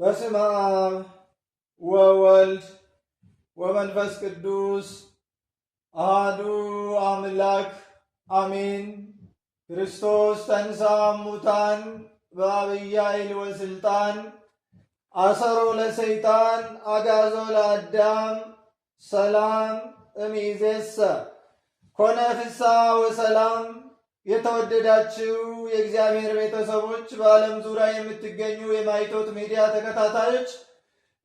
በስመ አብ ወወልድ ወመንፈስ ቅዱስ አሃዱ አምላክ አሜን። ክርስቶስ ተንሥአ እሙታን በዐቢይ ኃይል ወሥልጣን አሰሮ ለሰይጣን አግዓዞ ለአዳም ሰላም እምይእዜሰ ኮነ ፍስሐ ወሰላም የተወደዳችው የእግዚአብሔር ቤተሰቦች በዓለም ዙሪያ የምትገኙ የማይቶት ሚዲያ ተከታታዮች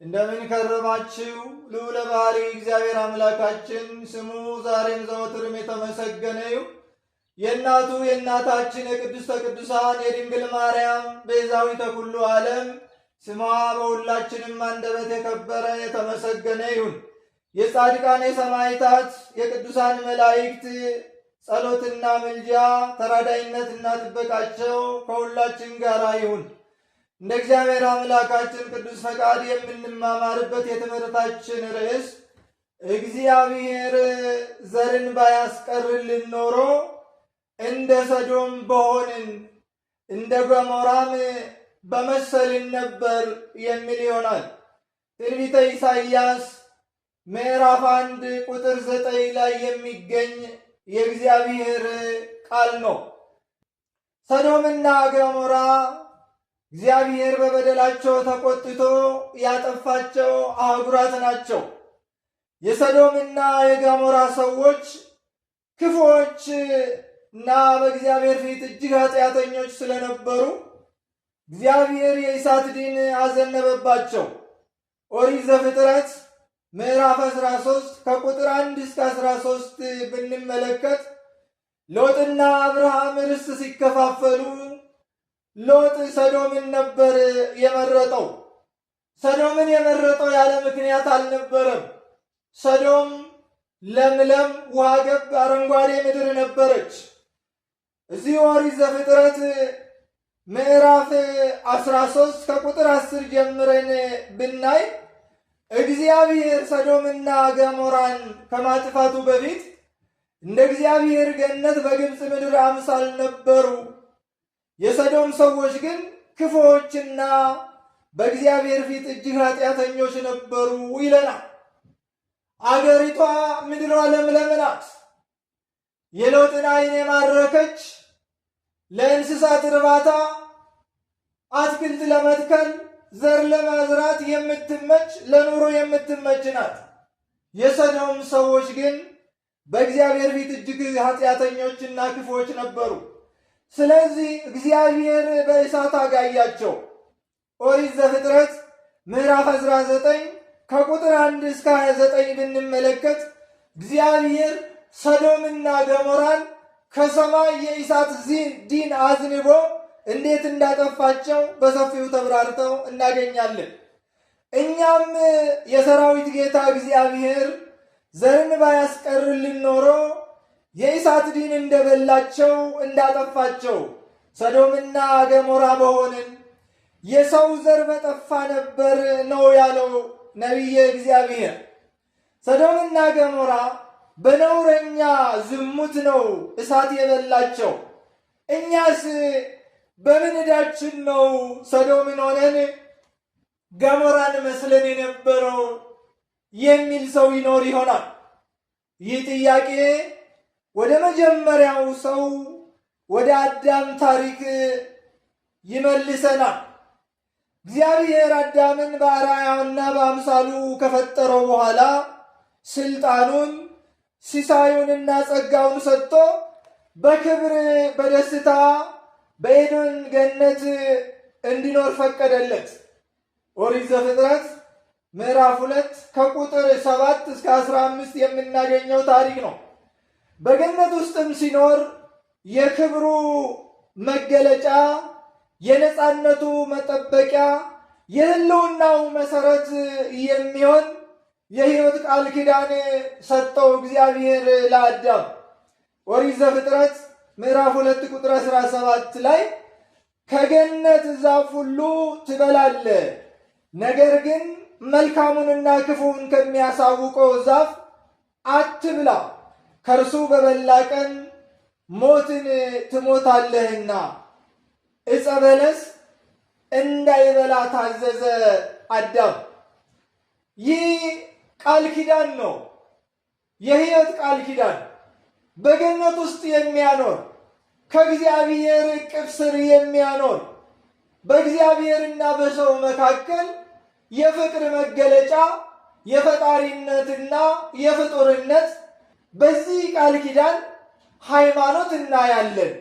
እንደምን ከረማችው? ልዑለ ባህሪ እግዚአብሔር አምላካችን ስሙ ዛሬም ዘወትርም የተመሰገነ ይሁን። የእናቱ የእናታችን የቅድስተ ቅዱሳን የድንግል ማርያም ቤዛዊተ ኩሉ ዓለም ስሟ በሁላችንም አንደበት የከበረ የተመሰገነ ይሁን። የጻድቃን የሰማይታት የቅዱሳን መላእክት ጸሎትና ምልጃ ተራዳይነትና ጥበቃቸው ከሁላችን ጋር ይሁን። እንደ እግዚአብሔር አምላካችን ቅዱስ ፈቃድ የምንማማርበት የትምህርታችን ርዕስ እግዚአብሔር ዘርን ባያስቀርልን ኖሮ እንደ ሰዶም በሆንን እንደ ገሞራም በመሰልን ነበር የሚል ይሆናል። ትንቢተ ኢሳይያስ ምዕራፍ አንድ ቁጥር ዘጠኝ ላይ የሚገኝ የእግዚአብሔር ቃል ነው። ሰዶምና ገሞራ እግዚአብሔር በበደላቸው ተቆጥቶ ያጠፋቸው አህጉራት ናቸው። የሰዶምና የገሞራ ሰዎች ክፉዎች እና በእግዚአብሔር ፊት እጅግ ኃጢአተኞች ስለነበሩ እግዚአብሔር የእሳት ዲን አዘነበባቸው። ኦሪት ዘፍጥረት ምዕራፍ 13 ከቁጥር 1 እስከ 13 ብንመለከት ሎጥና አብርሃም ርስ ሲከፋፈሉ ሎጥ ሰዶምን ነበር የመረጠው። ሰዶምን የመረጠው ያለ ምክንያት አልነበረም። ሰዶም ለምለም ውሃ ገብ አረንጓዴ ምድር ነበረች። እዚህ ኦሪት ዘፍጥረት ምዕራፍ 13 ከቁጥር 10 ጀምረን ብናይ እግዚአብሔር ሰዶምና ገሞራን ከማጥፋቱ በፊት እንደ እግዚአብሔር ገነት በግብፅ ምድር አምሳል ነበሩ። የሰዶም ሰዎች ግን ክፉዎችና በእግዚአብሔር ፊት እጅግ ኃጢአተኞች ነበሩ ይለናል። አገሪቷ ምድሯ ለምለም ናት። የሎጥን ዓይን የማረከች ለእንስሳት እርባታ አትክልት ለመትከል ዘር ለማዝራት የምትመች ለኑሮ የምትመች ናት። የሰዶም ሰዎች ግን በእግዚአብሔር ፊት እጅግ ኃጢአተኞችና ክፎች ነበሩ። ስለዚህ እግዚአብሔር በእሳት አጋያቸው። ኦሪት ዘፍጥረት ምዕራፍ 19 ከቁጥር 1 እስከ 29 ብንመለከት እግዚአብሔር ሰዶምና ገሞራን ከሰማይ የእሳት ዲን አዝንቦ እንዴት እንዳጠፋቸው በሰፊው ተብራርተው እናገኛለን። እኛም የሰራዊት ጌታ እግዚአብሔር ዘርን ባያስቀርልን ኖሮ የእሳት ዲን እንደበላቸው እንዳጠፋቸው ሰዶምና ገሞራ በሆንን የሰው ዘር በጠፋ ነበር ነው ያለው ነቢየ እግዚአብሔር። ሰዶምና ገሞራ በነውረኛ ዝሙት ነው እሳት የበላቸው። እኛስ በምን ዕዳችን ነው ሰዶምን ሆነን ገሞራን መስለን የነበረው የሚል ሰው ይኖር ይሆናል። ይህ ጥያቄ ወደ መጀመሪያው ሰው ወደ አዳም ታሪክ ይመልሰናል። እግዚአብሔር አዳምን በአርአያውና በአምሳሉ ከፈጠረው በኋላ ስልጣኑን ሲሳዩንና ጸጋውን ሰጥቶ በክብር በደስታ በኤደን ገነት እንዲኖር ፈቀደለት። ኦሪት ዘፍጥረት ምዕራፍ ሁለት ከቁጥር ሰባት እስከ አስራ አምስት የምናገኘው ታሪክ ነው። በገነት ውስጥም ሲኖር የክብሩ መገለጫ፣ የነፃነቱ መጠበቂያ፣ የህልውናው መሰረት የሚሆን የህይወት ቃል ኪዳን ሰጠው እግዚአብሔር ለአዳም ኦሪት ዘፍጥረት ምዕራፍ ሁለት ቁጥር አስራ ሰባት ላይ ከገነት ዛፍ ሁሉ ትበላለህ፣ ነገር ግን መልካሙንና ክፉውን ከሚያሳውቀው ዛፍ አትብላ፣ ከእርሱ በበላ ቀን ሞትን ትሞታለህና ዕፀ በለስ እንዳይበላ ታዘዘ አዳም። ይህ ቃል ኪዳን ነው፣ የሕይወት ቃል ኪዳን በገነት ውስጥ የሚያኖር ከእግዚአብሔር እቅፍ ስር የሚያኖር በእግዚአብሔርና በሰው መካከል የፍቅር መገለጫ የፈጣሪነትና የፍጡርነት በዚህ ቃል ኪዳን ሃይማኖት እናያለን።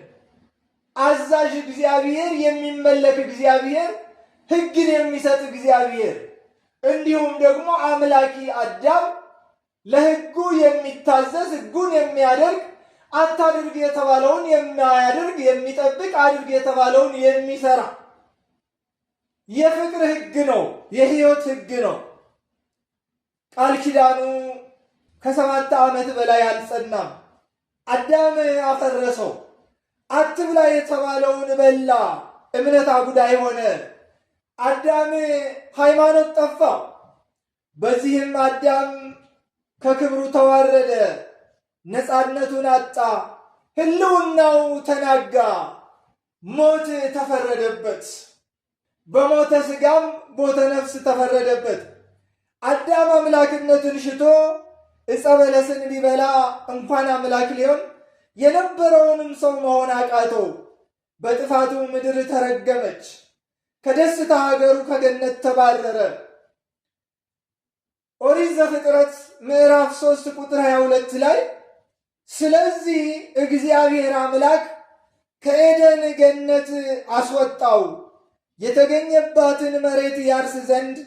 አዛዥ እግዚአብሔር፣ የሚመለክ እግዚአብሔር፣ ሕግን የሚሰጥ እግዚአብሔር እንዲሁም ደግሞ አምላኪ አዳም ለህጉ የሚታዘዝ ህጉን የሚያደርግ አታድርግ የተባለውን የማያደርግ የሚጠብቅ አድርግ የተባለውን የሚሰራ የፍቅር ህግ ነው። የህይወት ህግ ነው። ቃል ኪዳኑ ከሰባት ዓመት በላይ አልጸናም። አዳም አፈረሰው። አትብላ የተባለውን በላ። እምነት አጉዳ የሆነ አዳም ሃይማኖት ጠፋ። በዚህም አዳም ከክብሩ ተዋረደ፣ ነፃነቱን አጣ፣ ህልውናው ተናጋ፣ ሞት ተፈረደበት። በሞተ ስጋም ሞተ ነፍስ ተፈረደበት። አዳም አምላክነትን ሽቶ ዕፀ በለስን ቢበላ እንኳን አምላክ ሊሆን የነበረውንም ሰው መሆን አቃቶ! በጥፋቱ ምድር ተረገመች፣ ከደስታ ሀገሩ ከገነት ተባረረ። ኦሪት ዘፍጥረት ምዕራፍ 3 ቁጥር 22 ላይ ስለዚህ እግዚአብሔር አምላክ ከኤደን ገነት አስወጣው የተገኘባትን መሬት ያርስ ዘንድ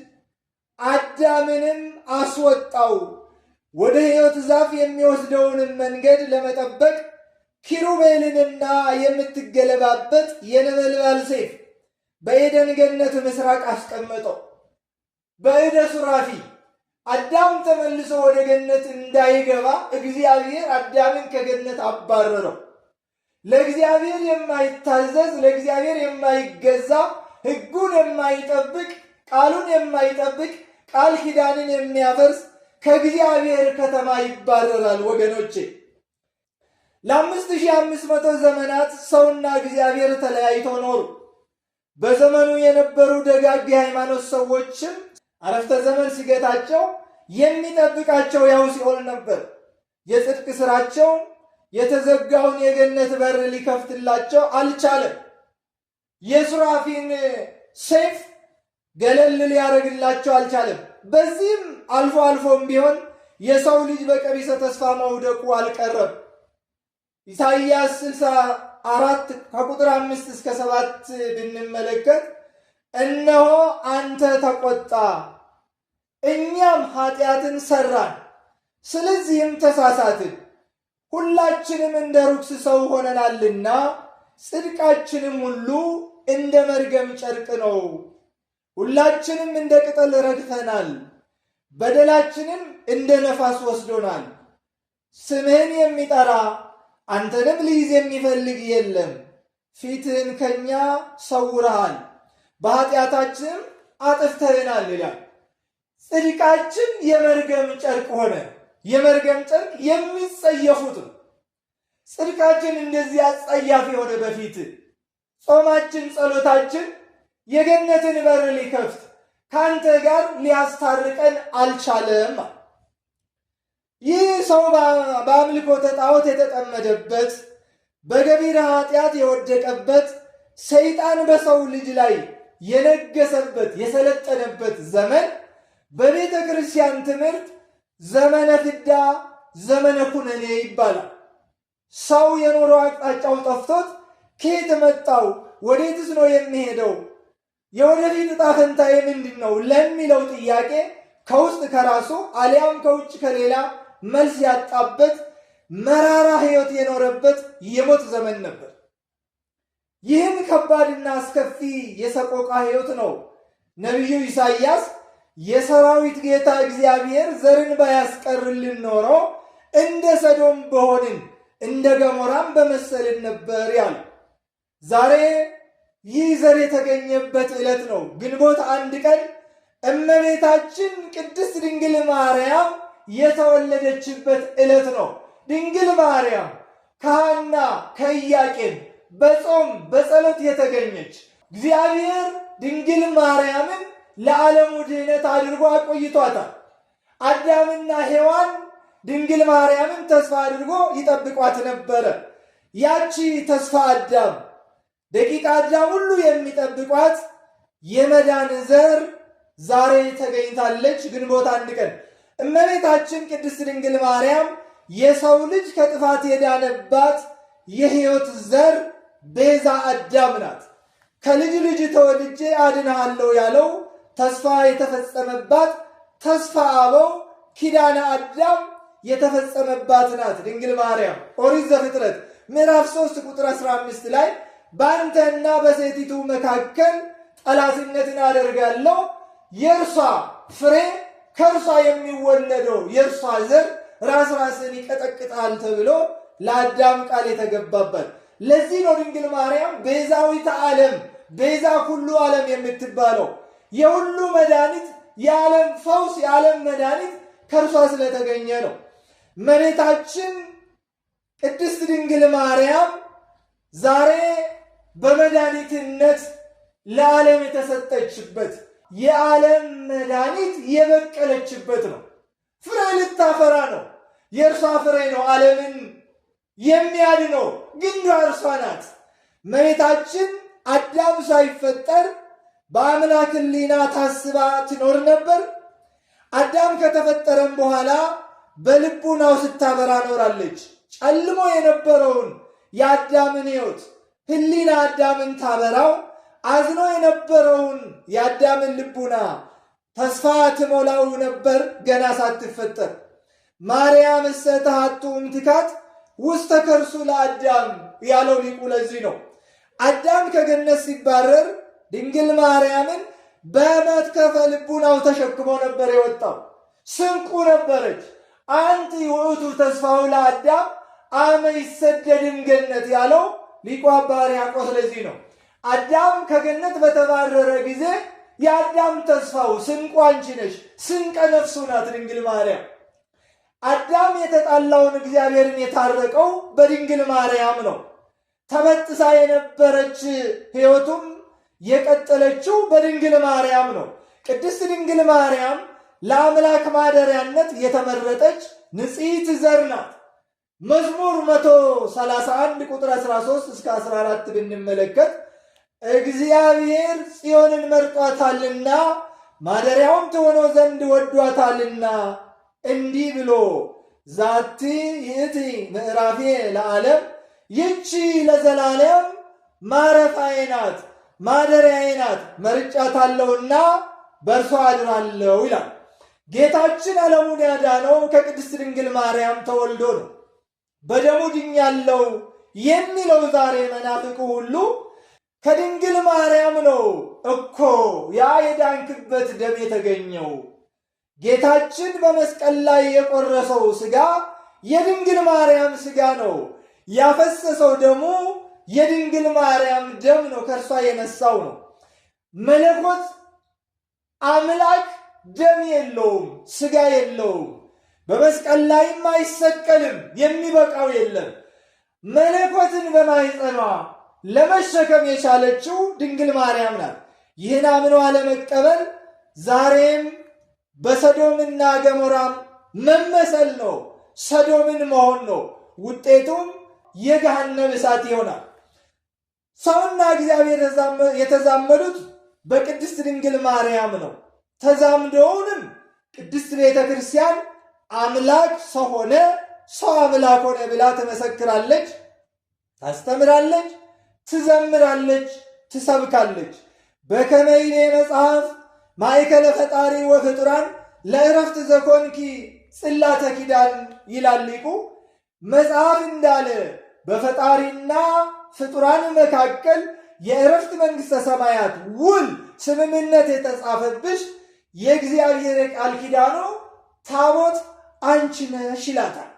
አዳምንም አስወጣው። ወደ ሕይወት ዛፍ የሚወስደውንም መንገድ ለመጠበቅ ኪሩቤልንና የምትገለባበት የነበልባል ሴፍ በኤደን ገነት ምስራቅ አስቀመጠው። በእደ ሱራፊ አዳም ተመልሶ ወደ ገነት እንዳይገባ እግዚአብሔር አዳምን ከገነት አባረረው። ለእግዚአብሔር የማይታዘዝ ለእግዚአብሔር የማይገዛ ሕጉን የማይጠብቅ ቃሉን የማይጠብቅ ቃል ኪዳንን የሚያፈርስ ከእግዚአብሔር ከተማ ይባረራል። ወገኖቼ ለአምስት ሺህ አምስት መቶ ዘመናት ሰውና እግዚአብሔር ተለያይተው ኖሩ። በዘመኑ የነበሩ ደጋግ ሃይማኖት ሰዎችም አረፍተ ዘመን ሲገታቸው የሚጠብቃቸው ያው ሲኦል ነበር። የጽድቅ ስራቸው የተዘጋውን የገነት በር ሊከፍትላቸው አልቻለም። የሱራፊን ሰይፍ ገለል ሊያደርግላቸው አልቻለም። በዚህም አልፎ አልፎም ቢሆን የሰው ልጅ በቀቢሰ ተስፋ መውደቁ አልቀረም። ኢሳይያስ 64 አራት ከቁጥር አምስት እስከ ሰባት ብንመለከት እነሆ አንተ ተቆጣ እኛም ኃጢአትን ሰራን፣ ስለዚህም ተሳሳትን፣ ሁላችንም እንደ ርኩስ ሰው ሆነናልና ጽድቃችንም ሁሉ እንደ መርገም ጨርቅ ነው፣ ሁላችንም እንደ ቅጠል ረግፈናል፣ በደላችንም እንደ ነፋስ ወስዶናል። ስምህን የሚጠራ አንተንም ሊይዝ የሚፈልግ የለም። ፊትህን ከኛ ሰውረሃል፣ በኃጢአታችንም አጥፍተህናል ይላል። ጽድቃችን የመርገም ጨርቅ ሆነ። የመርገም ጨርቅ የሚጸየፉት ጽድቃችን እንደዚህ አጸያፊ የሆነ በፊት ጾማችን፣ ጸሎታችን የገነትን በር ሊከፍት ከአንተ ጋር ሊያስታርቀን አልቻለም። ይህ ሰው በአምልኮ ጣዖት የተጠመደበት በገቢር ኃጢአት የወደቀበት ሰይጣን በሰው ልጅ ላይ የነገሰበት የሰለጠነበት ዘመን በቤተ ክርስቲያን ትምህርት ዘመነ ፍዳ ዘመነ ኩነኔ ይባላል። ሰው የኖረው አቅጣጫው ጠፍቶት ከየት መጣው፣ ወዴትስ ነው የሚሄደው፣ የወደፊት ዕጣ ፈንታዬ ምንድን ነው ለሚለው ጥያቄ ከውስጥ ከራሱ አሊያም ከውጭ ከሌላ መልስ ያጣበት መራራ ሕይወት የኖረበት የሞት ዘመን ነበር። ይህን ከባድና አስከፊ የሰቆቃ ሕይወት ነው ነቢዩ ኢሳይያስ የሰራዊት ጌታ እግዚአብሔር ዘርን ባያስቀርልን ኖሮ እንደ ሰዶም በሆንን እንደ ገሞራም በመሰልን ነበር ያሉ። ዛሬ ይህ ዘር የተገኘበት ዕለት ነው። ግንቦት አንድ ቀን እመቤታችን ቅድስት ድንግል ማርያም የተወለደችበት ዕለት ነው። ድንግል ማርያም ከሐና ከኢያቄም በጾም በጸሎት የተገኘች እግዚአብሔር ድንግል ማርያምን ለዓለሙ ድህነት አድርጎ አቆይቷታል። አዳምና ሔዋን ድንግል ማርያምን ተስፋ አድርጎ ይጠብቋት ነበረ። ያቺ ተስፋ አዳም ደቂቃ አዳም ሁሉ የሚጠብቋት የመዳን ዘር ዛሬ ተገኝታለች። ግንቦት አንድ ቀን እመቤታችን ቅድስት ድንግል ማርያም የሰው ልጅ ከጥፋት የዳነባት የሕይወት ዘር ቤዛ አዳም ናት። ከልጅ ልጅ ተወልጄ አድንሃለሁ ያለው ተስፋ የተፈጸመባት ተስፋ አበው ኪዳነ አዳም የተፈጸመባት ናት ድንግል ማርያም። ኦሪት ዘፍጥረት ምዕራፍ 3 ቁጥር 15 ላይ በአንተና በሴቲቱ መካከል ጠላትነትን አደርጋለሁ፣ የእርሷ ፍሬ ከእርሷ የሚወለደው የእርሷ ዘር ራስ ራስን ይቀጠቅጣል ተብሎ ለአዳም ቃል የተገባበት። ለዚህ ነው ድንግል ማርያም ቤዛዊተ ዓለም ቤዛ ሁሉ ዓለም የምትባለው። የሁሉ መድኃኒት፣ የዓለም ፈውስ፣ የዓለም መድኃኒት ከእርሷ ስለተገኘ ነው። መሬታችን ቅድስት ድንግል ማርያም ዛሬ በመድኃኒትነት ለዓለም የተሰጠችበት የዓለም መድኃኒት የበቀለችበት ነው። ፍሬ ልታፈራ ነው። የእርሷ ፍሬ ነው ዓለምን የሚያድነው ግንዷ እርሷ ናት። መሬታችን አዳም ሳይፈጠር በአምላክ ሊና ታስባ ትኖር ነበር? አዳም ከተፈጠረም በኋላ በልቡናው ስታበራ ኖራለች። ጨልሞ የነበረውን የአዳምን ሕይወት ህሊና አዳምን ታበራው፣ አዝኖ የነበረውን የአዳምን ልቡና ተስፋ ትሞላው ነበር ገና ሳትፈጠር። ማርያም እሰተሃጡ እምትካት ውስተ ከርሱ ለአዳም ያለው ሊቁ ለዚህ ነው። አዳም ከገነት ሲባረር ድንግል ማርያምን በመትከፈ ልቡናው ተሸክሞ ነበር የወጣው። ስንቁ ነበረች። አንቲ ውእቱ ተስፋው ለአዳም አመ ይሰደድም ገነት ያለው ሊቁ አባ ሕርያቆስ ለዚህ ነው። አዳም ከገነት በተባረረ ጊዜ የአዳም ተስፋው ስንቁ አንቺ ነሽ። ስንቀ ነፍሱ ናት ድንግል ማርያም። አዳም የተጣላውን እግዚአብሔርን የታረቀው በድንግል ማርያም ነው። ተበጥሳ የነበረች ሕይወቱም የቀጠለችው በድንግል ማርያም ነው። ቅድስት ድንግል ማርያም ለአምላክ ማደሪያነት የተመረጠች ንጽሕት ዘር ናት። መዝሙር 131 ቁጥር 13 እስከ 14 ብንመለከት እግዚአብሔር ጽዮንን መርጧታልና ማደሪያውም ትሆኖ ዘንድ ወዷታልና እንዲህ ብሎ ዛቲ ይእቲ ምዕራፌ ለዓለም ይቺ ለዘላለም ማረፋዬ ናት ማደሪያዬ ናት መርጫታለሁና በእርሷ አድራለሁ ይላል። ጌታችን ዓለሙን ያዳነው ከቅድስት ድንግል ማርያም ተወልዶ ነው። በደሙ ድኛለሁ የሚለው ዛሬ መናፍቁ ሁሉ ከድንግል ማርያም ነው እኮ ያ የዳንክበት ደም የተገኘው። ጌታችን በመስቀል ላይ የቆረሰው ሥጋ የድንግል ማርያም ሥጋ ነው። ያፈሰሰው ደሙ የድንግል ማርያም ደም ነው፣ ከእርሷ የነሳው ነው። መለኮት አምላክ ደም የለውም፣ ስጋ የለውም፣ በመስቀል ላይም አይሰቀልም፣ የሚበቃው የለም። መለኮትን በማኅፀኗ ለመሸከም የቻለችው ድንግል ማርያም ናት። ይህን አምኗ ለመቀበል ዛሬም በሰዶምና ገሞራም መመሰል ነው፣ ሰዶምን መሆን ነው። ውጤቱም የገሃነም እሳት ይሆናል። ሰውና እግዚአብሔር የተዛመዱት በቅድስት ድንግል ማርያም ነው። ተዛምደውንም ቅድስት ቤተ ክርስቲያን አምላክ ሰው ሆነ፣ ሰው አምላክ ሆነ ብላ ትመሰክራለች፣ ታስተምራለች፣ ትዘምራለች፣ ትሰብካለች። በከመይን መጽሐፍ ማይከለ ፈጣሪ ወፍጡራን ለእረፍት ዘኮንኪ ጽላተ ኪዳን ይላል ሊቁ። መጽሐፍ እንዳለ በፈጣሪና ፍጡራን መካከል የእረፍት መንግሥተ ሰማያት ውል ስምምነት የተጻፈብሽ የእግዚአብሔር ቃል ኪዳኑ ታቦት አንቺ ነሽ ይላታል።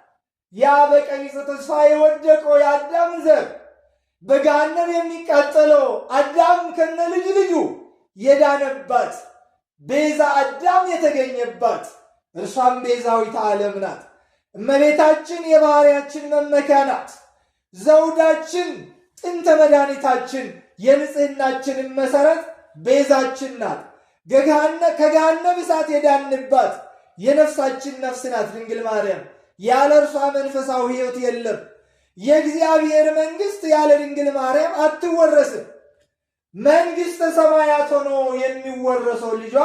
ያ በቀሚስ ተስፋ የወደቀው የአዳም ዘር በገሃነም የሚቃጠለው አዳም ከነ ልጅ ልጁ የዳነባት ቤዛ አዳም የተገኘባት እርሷም ቤዛዊት ዓለም ናት። እመቤታችን የባህርያችን መመኪያ ናት። ዘውዳችን ጥንተ መድኃኒታችን የንጽህናችንን መሰረት ቤዛችን ናት። ከገሃነ እሳት የዳንባት የነፍሳችን ነፍስ ናት ድንግል ማርያም። ያለ እርሷ መንፈሳዊ ሕይወት የለም። የእግዚአብሔር መንግሥት ያለ ድንግል ማርያም አትወረስም። መንግሥተ ሰማያት ሆኖ የሚወረሰው ልጇ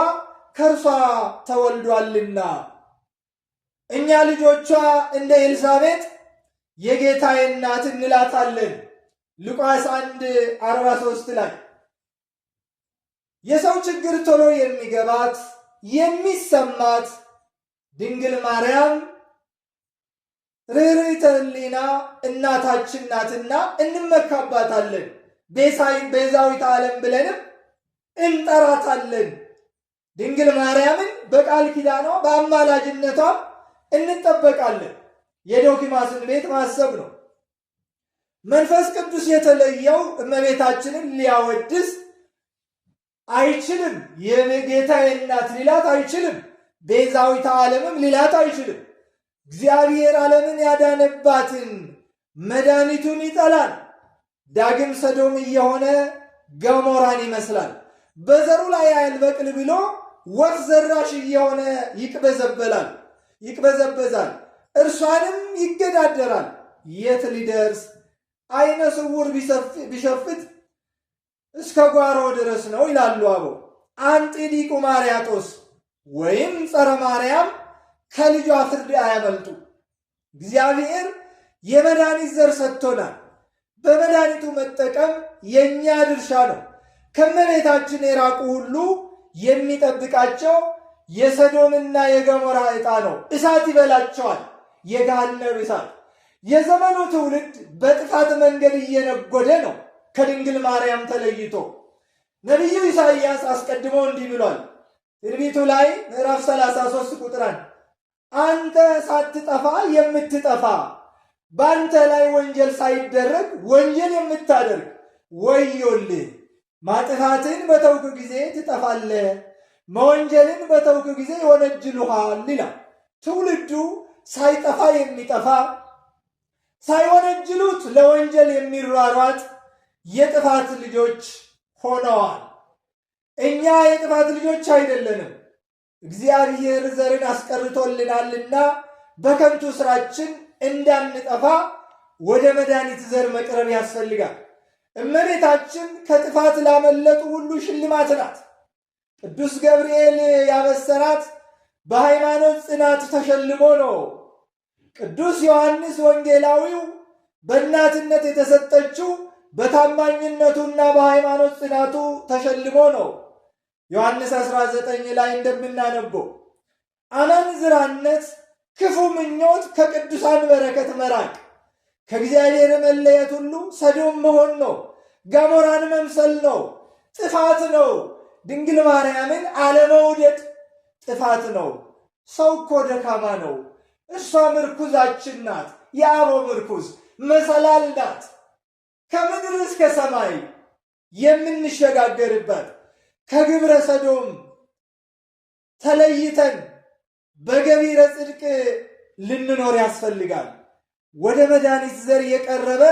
ከእርሷ ተወልዷልና እኛ ልጆቿ እንደ ኤልሳቤጥ የጌታዬ እናት እንላታለን። ሉቃስ አንድ አርባ ሶስት ላይ የሰው ችግር ቶሎ የሚገባት የሚሰማት ድንግል ማርያም ርኅርኅተ ሕሊና እናታችን ናትና እንመካባታለን። ቤዛዊት ዓለም ብለንም እንጠራታለን። ድንግል ማርያምን በቃል ኪዳኗ በአማላጅነቷ እንጠበቃለን። የዶኪማስን ቤት ማሰብ ነው። መንፈስ ቅዱስ የተለየው እመቤታችንን ሊያወድስ አይችልም። የጌታዬ እናት ሊላት አይችልም። ቤዛዊተ ዓለምም ሊላት አይችልም። እግዚአብሔር ዓለምን ያዳነባትን መድኃኒቱን ይጠላል። ዳግም ሰዶም እየሆነ ገሞራን ይመስላል። በዘሩ ላይ አያልበቅል ብሎ ወፍ ዘራሽ እየሆነ ይቅበዘበላል ይቅበዘበዛል፣ እርሷንም ይገዳደራል። የት ሊደርስ አይነ ስውር ቢሸፍት እስከ ጓሮ ድረስ ነው ይላሉ አበው። አንጢዲቁ ማርያጦስ ወይም ጸረ ማርያም ከልጇ ፍርድ አያመልጡ። እግዚአብሔር የመድኃኒት ዘር ሰጥቶናል። በመድኃኒቱ መጠቀም የእኛ ድርሻ ነው። ከመቤታችን የራቁ ሁሉ የሚጠብቃቸው የሰዶምና የገሞራ ዕጣ ነው፣ እሳት ይበላቸዋል፣ የገሃነም እሳት የዘመኑ ትውልድ በጥፋት መንገድ እየነጎደ ነው፣ ከድንግል ማርያም ተለይቶ። ነቢዩ ኢሳይያስ አስቀድሞ እንዲህ ብሏል። ትንቢቱ ላይ ምዕራፍ 33 ቁጥር አንተ ሳትጠፋ የምትጠፋ በአንተ ላይ ወንጀል ሳይደረግ ወንጀል የምታደርግ ወዮልህ። ማጥፋትን በተውክ ጊዜ ትጠፋለህ፣ መወንጀልን በተውክ ጊዜ ይወነጅሉሃል ይላል። ትውልዱ ሳይጠፋ የሚጠፋ ሳይወነጅሉት ለወንጀል የሚሯሯጥ የጥፋት ልጆች ሆነዋል። እኛ የጥፋት ልጆች አይደለንም፣ እግዚአብሔር ዘርን አስቀርቶልናልና በከንቱ ስራችን እንዳንጠፋ ወደ መድኃኒት ዘር መቅረብ ያስፈልጋል። እመቤታችን ከጥፋት ላመለጡ ሁሉ ሽልማት ናት። ቅዱስ ገብርኤል ያበሰራት በሃይማኖት ጽናት ተሸልሞ ነው። ቅዱስ ዮሐንስ ወንጌላዊው በእናትነት የተሰጠችው በታማኝነቱና በሃይማኖት ጽናቱ ተሸልሞ ነው። ዮሐንስ 19 ላይ እንደምናነበው አመንዝራነት፣ ክፉ ምኞት፣ ከቅዱሳን በረከት መራቅ፣ ከእግዚአብሔር መለየት ሁሉ ሰዶም መሆን ነው። ጋሞራን መምሰል ነው። ጥፋት ነው። ድንግል ማርያምን አለመውደድ ጥፋት ነው። ሰው እኮ ደካማ ነው። እሷ ምርኩዛችን ናት። የአቦ ምርኩዝ መሰላል ናት። ከምድር እስከ ሰማይ የምንሸጋገርበት ከግብረ ሰዶም ተለይተን በገቢረ ጽድቅ ልንኖር ያስፈልጋል። ወደ መድኃኒት ዘር የቀረበ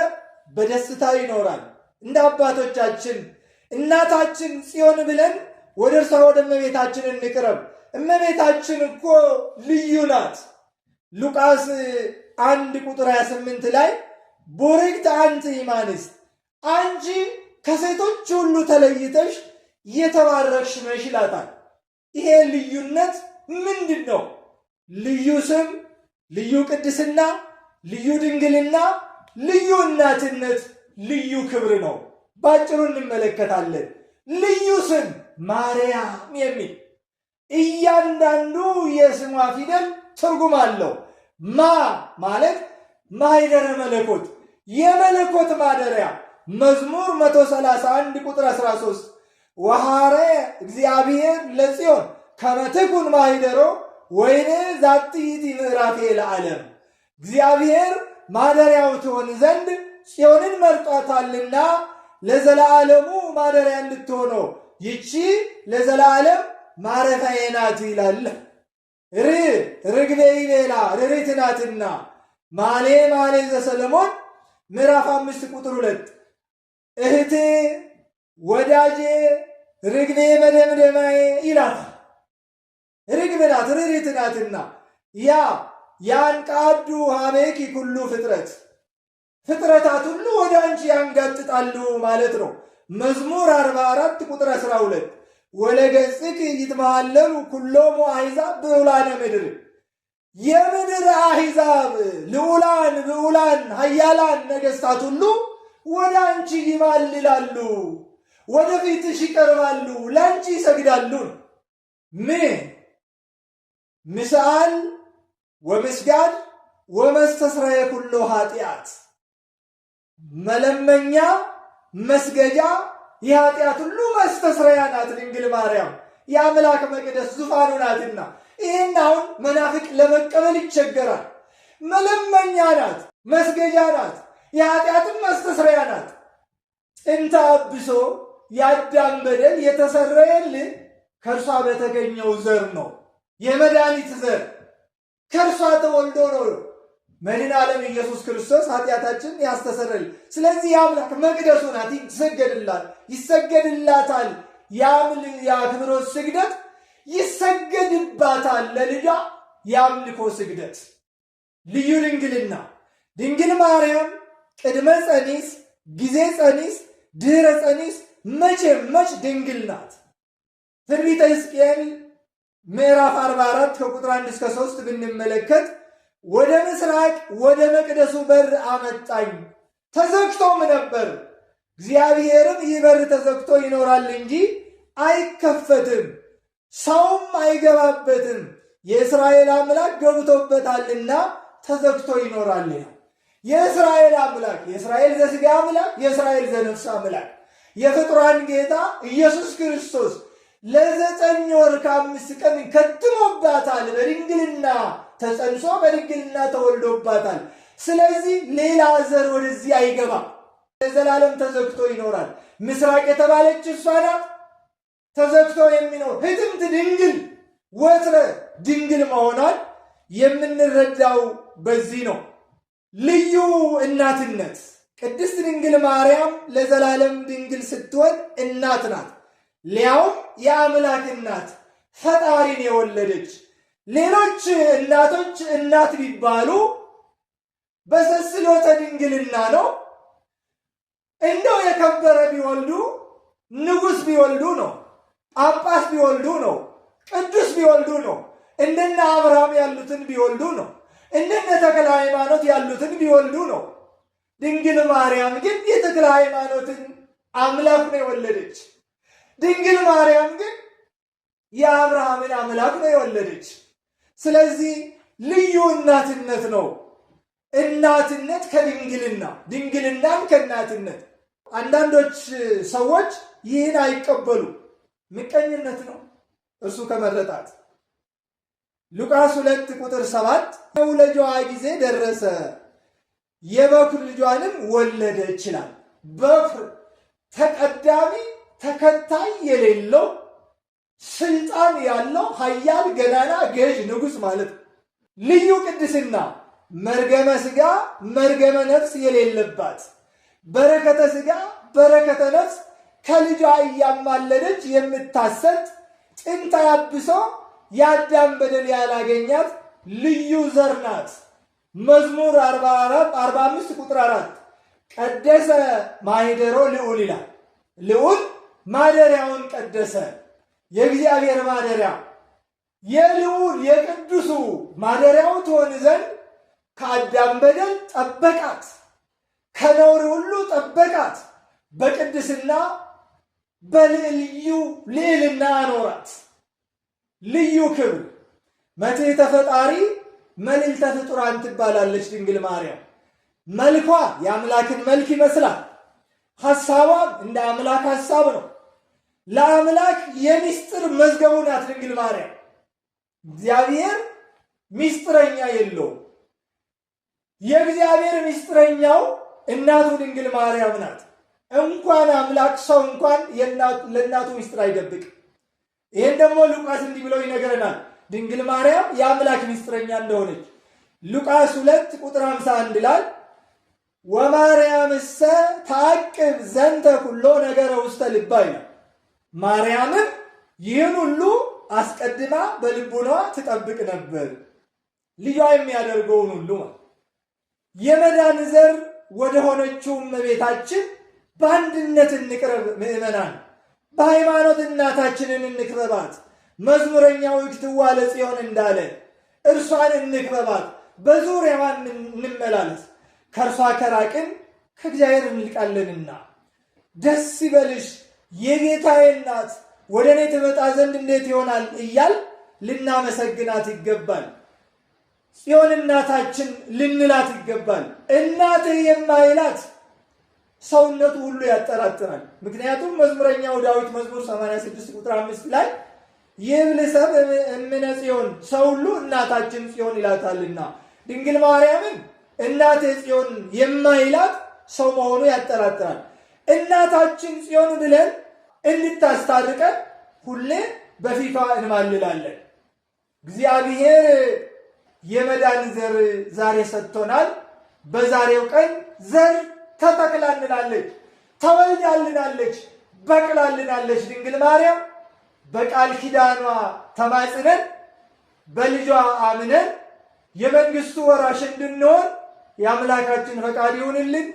በደስታ ይኖራል። እንደ አባቶቻችን እናታችን ጽዮን ብለን ወደ እርሷ ወደ እመቤታችን እንቅረብ። እመቤታችን እኮ ልዩ ናት። ሉቃስ አንድ ቁጥር 28 ላይ ቡርክት አንቲ ኢማንስ አንቺ ከሴቶች ሁሉ ተለይተሽ የተባረክሽ ነሽ ይላታል። ይሄ ልዩነት ምንድን ነው? ልዩ ስም፣ ልዩ ቅድስና፣ ልዩ ድንግልና፣ ልዩ እናትነት፣ ልዩ ክብር ነው። ባጭሩ እንመለከታለን። ልዩ ስም ማርያም የሚል እያንዳንዱ የስሟ ፊደል ትርጉም አለው። ማ ማለት ማይደረ መለኮት የመለኮት ማደሪያ መዝሙር 131 ቁጥር 13 ወሐረ እግዚአብሔር ለጽዮን ከመትኩን ማይደሮ ወይኔ ዛጥይት ምዕራፍ ለዓለም እግዚአብሔር ማደሪያው ትሆን ዘንድ ጽዮንን መርጧታልና ለዘላለሙ ማደሪያ እንድትሆነው ይቺ ለዘላለም ማረፊያዬ ናት ይላል። ር ርግቤ ይቤላ ርሪት ናትና ማሌ ማሌ ዘሰለሞን ምዕራፍ አምስት ቁጥር ሁለት እህቴ ወዳጄ ርግቤ መደምደማዬ ይላታል። ርግብ ናት ርሪት ናትና ያ ያንቃዱ ሀሜኪ ኩሉ ፍጥረት ፍጥረታት ሁሉ ወደ አንቺ ያንጋጥጣሉ ማለት ነው። መዝሙር 44 ቁጥር 12 ወለገጽክ ይትበሃለሉ ኩሎሙ አሕዛብ ብዑላነ ምድር የምድር አሕዛብ ልዑላን ብዑላን ኃያላን ነገሥታት ሁሉ ወደ አንቺ ይማልላሉ፣ ወደ ፊትሽ ይቀርባሉ፣ ለአንቺ ይሰግዳሉ። ምን ምስአል ወምስጋድ ወመስተስረየ ኩሎ ኃጢአት መለመኛ መስገጃ የኃጢአት ሁሉ መስተስረያ ናት ድንግል ማርያም የአምላክ መቅደስ ዙፋኑ ናትና፣ ይህን አሁን መናፍቅ ለመቀበል ይቸገራል። መለመኛ ናት፣ መስገጃ ናት፣ የኃጢአትም መስተስረያ ናት። እንተ አብሶ የአዳም በደል የተሰረየልን ከእርሷ በተገኘው ዘር ነው። የመድኃኒት ዘር ከእርሷ ተወልዶ ነው መድን ዓለም ኢየሱስ ክርስቶስ ኃጢአታችን ያስተሰረል። ስለዚህ የአምላክ መቅደሱ ናት፣ ይሰገድላል ይሰገድላታል። የአክብሮት ስግደት ይሰገድባታል። ለልጃ የአምልኮ ስግደት ልዩ ድንግልና ድንግል ማርያም ቅድመ ጸኒስ፣ ጊዜ ጸኒስ፣ ድኅረ ጸኒስ መቼ መች ድንግል ናት። ትንቢተ ሕዝቅኤል ምዕራፍ 44 ከቁጥር 1 እስከ 3 ብንመለከት ወደ ምስራቅ ወደ መቅደሱ በር አመጣኝ፣ ተዘግቶም ነበር። እግዚአብሔርም ይህ በር ተዘግቶ ይኖራል እንጂ አይከፈትም፣ ሰውም አይገባበትም፣ የእስራኤል አምላክ ገብቶበታልና ተዘግቶ ይኖራል። የእስራኤል አምላክ የእስራኤል ዘስጋ አምላክ የእስራኤል ዘነፍስ አምላክ የፍጡራን ጌታ ኢየሱስ ክርስቶስ ለዘጠኝ ወር ከአምስት ቀን ከትሞባታል በድንግልና ተጸንሶ በድንግልና ተወልዶባታል። ስለዚህ ሌላ ዘር ወደዚህ አይገባ ለዘላለም ተዘግቶ ይኖራል። ምስራቅ የተባለች እሷ ናት። ተዘግቶ የሚኖር ህትምት ድንግል ወትረ ድንግል መሆኗን የምንረዳው በዚህ ነው። ልዩ እናትነት ቅድስት ድንግል ማርያም ለዘላለም ድንግል ስትሆን እናት ናት። ሊያውም የአምላክ እናት ፈጣሪን የወለደች ሌሎች እናቶች እናት ቢባሉ በሰስሎተ ድንግልና ነው። እንደው የከበረ ቢወልዱ ንጉሥ ቢወልዱ ነው፣ ጳጳስ ቢወልዱ ነው፣ ቅዱስ ቢወልዱ ነው፣ እንደነ አብርሃም ያሉትን ቢወልዱ ነው፣ እንደነ ተክለ ሃይማኖት ያሉትን ቢወልዱ ነው። ድንግል ማርያም ግን የተክለ ሃይማኖትን አምላክ ነው የወለደች። ድንግል ማርያም ግን የአብርሃምን አምላክ ነው የወለደች። ስለዚህ ልዩ እናትነት ነው። እናትነት ከድንግልና ድንግልናን ከእናትነት። አንዳንዶች ሰዎች ይህን አይቀበሉ፣ ምቀኝነት ነው እርሱ ከመረጣት። ሉቃስ ሁለት ቁጥር ሰባት የመውለጃዋ ጊዜ ደረሰ የበኩር ልጇንም ወለደ ይችላል። በኩር ተቀዳሚ ተከታይ የሌለው ስልጣን ያለው ኃያል ገናና ገዥ ንጉሥ ማለት ነው። ልዩ ቅድስና መርገመ ስጋ መርገመ ነፍስ የሌለባት በረከተ ስጋ በረከተ ነፍስ ከልጇ እያማለደች የምታሰጥ ጥንታ ያብሶ የአዳም በደል ያላገኛት ልዩ ዘር ናት። መዝሙር 45 ቁጥር 4 ቀደሰ ማኅደሮ ልዑል ይላል። ልዑል ማደሪያውን ቀደሰ። የእግዚአብሔር ማደሪያ የልዑል የቅዱሱ ማደሪያው ትሆን ዘንድ ከአዳም በደል ጠበቃት፣ ከነውር ሁሉ ጠበቃት፣ በቅድስና በልዩ ልዕልና አኖራት። ልዩ ክብር መትሕተ ተፈጣሪ መልዕልተ ፍጡራን ትባላለች። ድንግል ማርያም መልኳ የአምላክን መልክ ይመስላል። ሐሳቧም እንደ አምላክ ሐሳብ ነው። ለአምላክ የሚስጥር መዝገቡ ናት ድንግል ማርያም። እግዚአብሔር ሚስጥረኛ የለው የእግዚአብሔር ሚስጥረኛው እናቱ ድንግል ማርያም ናት። እንኳን አምላክ ሰው እንኳን ለእናቱ ሚስጥር አይደብቅ ይህን ደግሞ ሉቃስ እንዲህ ብለው ይነገረናል ድንግል ማርያም የአምላክ ሚስጥረኛ እንደሆነች ሉቃስ ሁለት ቁጥር 51 ላል ወማርያምሰ ታቅብ ዘንተ ኩሎ ነገረ ውስተ ልባይ። ነው ማርያምም ይህን ሁሉ አስቀድማ በልቡናዋ ትጠብቅ ነበር። ልጇ የሚያደርገውን ሁሉ የመዳን ዘር ወደ ሆነችው እመቤታችን በአንድነት እንቅረብ። ምዕመናን በሃይማኖት እናታችንን እንክበባት። መዝሙረኛው ይክትዋ ለጽዮን እንዳለ እርሷን እንክበባት፣ በዙሪያዋ እንመላለስ። ከእርሷ ከራቅን ከእግዚአብሔር እንልቃለንና ደስ ይበልሽ የጌታዬ እናት ወደ እኔ ትመጣ ዘንድ እንዴት ይሆናል እያል ልናመሰግናት ይገባል። ጽዮን እናታችን ልንላት ይገባል። እናትህ የማይላት ሰውነቱ ሁሉ ያጠራጥራል። ምክንያቱም መዝሙረኛው ዳዊት መዝሙር 86 ቁጥር 5 ላይ ይብልሰብ እምነ ጽዮን ሰው ሁሉ እናታችን ጽዮን ይላታልና ድንግል ማርያምን እናትህ ጽዮን የማይላት ሰው መሆኑ ያጠራጥራል። እናታችን ጽዮን ብለን እንድታስታርቀን ሁሌ በፊቷ እንማልላለን። እግዚአብሔር የመዳን ዘር ዛሬ ሰጥቶናል። በዛሬው ቀን ዘር ተተክላልናለች፣ ተወልዳልናለች፣ በቅላልናለች። ድንግል ማርያም በቃል ኪዳኗ ተማጽነን በልጇ አምነን የመንግስቱ ወራሽ እንድንሆን የአምላካችን ፈቃድ ይሁንልን።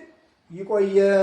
ይቆየን።